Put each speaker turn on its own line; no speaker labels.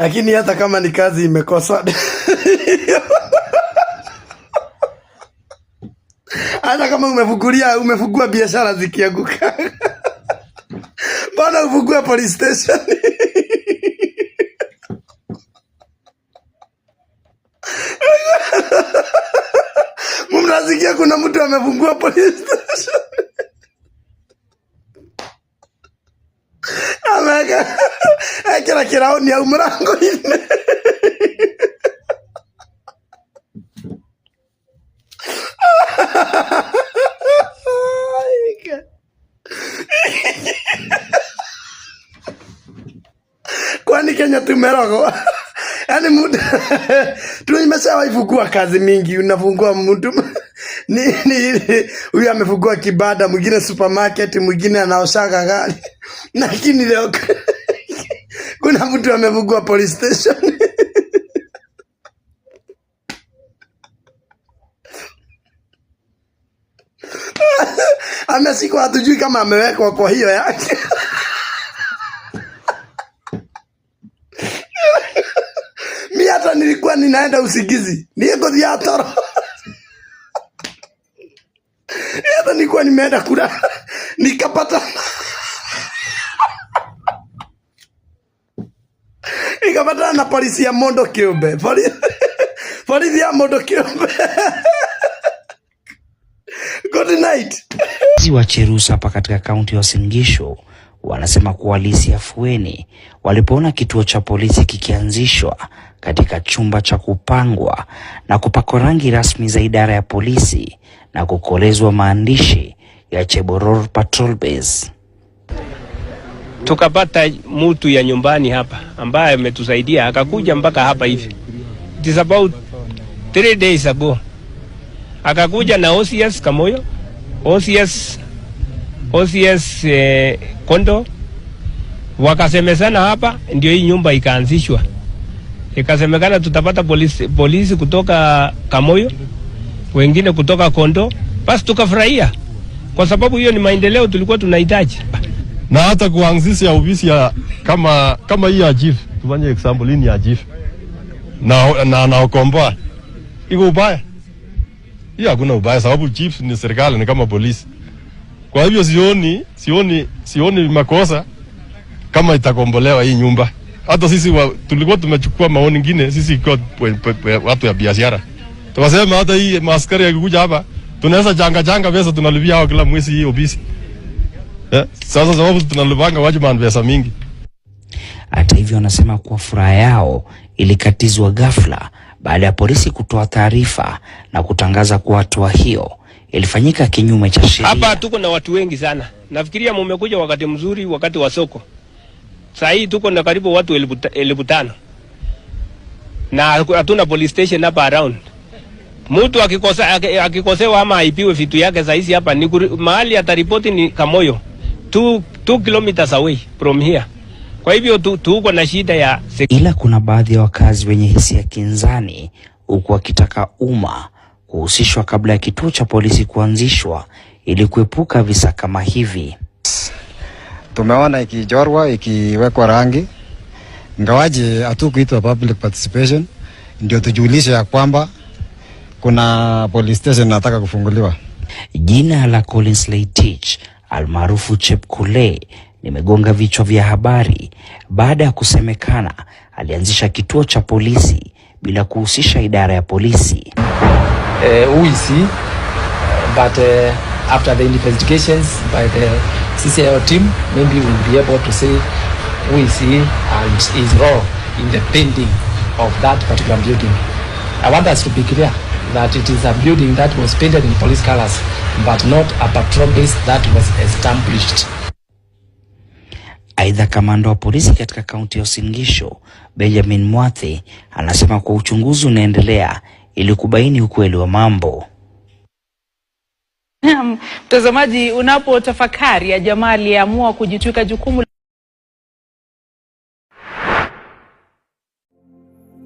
lakini hata kama ni kazi imekosa hata kama umefugulia umefungua biashara zikianguka, mbona ufungue police station? kuna mtu amefungua station ameweka ndekera ni au murango ine kwani Kenya tumerogwa yani mtu tumeshawahi fungua kazi mingi, unafungua mtu ni ni huyu amefungua kibada mwingine supermarket, mwingine anaoshaga gari, lakini leo kuna mtu amevugua police station. Amesikwa, hatujui kama amewekwa kwa hiyo yake mi hata nilikuwa ninaenda usigizi niegozi ya toro hata nilikuwa nimeenda kula nikapata nikabatana na polisi ya mondo kiumbe polisi polisi ya mondo kiumbe good night
ziwa Cherusa hapa katika kaunti ya Uasin Gishu wanasema kuwa walisi afueni walipoona kituo cha polisi kikianzishwa katika chumba cha kupangwa na kupakwa rangi rasmi za idara ya polisi na kukolezwa maandishi ya Cheboror Patrol Base
tukapata mtu ya nyumbani hapa ambaye ametusaidia akakuja mpaka hapa hivi. It is about three days ago akakuja na OCS Kamoyo, OCS OCS eh, Kondo wakasemezana hapa, ndio hii nyumba ikaanzishwa. Ikasemekana tutapata polisi, polisi kutoka Kamoyo, wengine kutoka Kondo. Basi tukafurahia kwa sababu hiyo ni maendeleo tulikuwa tunahitaji
na hata kuanzisha ofisi ya kama kama hii ya chief, tufanye example ni ya chief na na naokomboa, iko ubaya hiyo? Hakuna ubaya, sababu chief ni serikali, ni kama polisi. Kwa hivyo sioni sioni sioni makosa kama itakombolewa hii nyumba. Hata sisi wa, tulikuwa tumechukua maoni ngine sisi kwa watu ya biashara, tukasema hata hii maaskari yakikuja hapa tunaweza janga janga pesa tunalipia hao kila mwezi hii ofisi sasa sababu tunalubanga wajibu pesa mingi.
Hata hivyo, wanasema kuwa furaha yao ilikatizwa ghafla baada ya polisi kutoa taarifa na kutangaza kuwa hatua hiyo ilifanyika kinyume cha sheria.
Hapa tuko na watu wengi sana, nafikiria mumekuja wakati mzuri, wakati wa soko. Saa hii tuko na karibu watu elfu tano na hatuna police station hapa around. Mtu akikosa akikosewa ama aipiwe vitu yake, saa hizi hapa ni mahali ataripoti ni Kamoyo two, two kilometers away from here. Kwa hivyo tuko na shida ya,
ila kuna baadhi ya wakazi wenye hisia kinzani, huku wakitaka umma kuhusishwa kabla ya kituo cha polisi kuanzishwa ili kuepuka visa kama hivi.
Tumeona ikijorwa ikiwekwa rangi ngawaje, hatukuitwa public participation ndio tujulishe ya kwamba kuna police station nataka kufunguliwa.
Jina la Collins Leitich almaarufu Chepkule limegonga vichwa vya habari baada ya kusemekana alianzisha kituo cha polisi bila kuhusisha idara ya polisi.
Uh, we see, but, uh, after the investigations by the CCIO team, maybe we'll be able to say we see and is wrong in the painting of that particular building. I want us to be clear that it is a building that was painted in police colors but not a patrol base that was established.
Aidha, kamanda wa polisi katika kaunti ya Uasin Gishu Benjamin Mwathi anasema kwa uchunguzi unaendelea ili kubaini ukweli wa mambo. Mtazamaji, unapotafakari ya jamaa aliyeamua kujitwika jukumu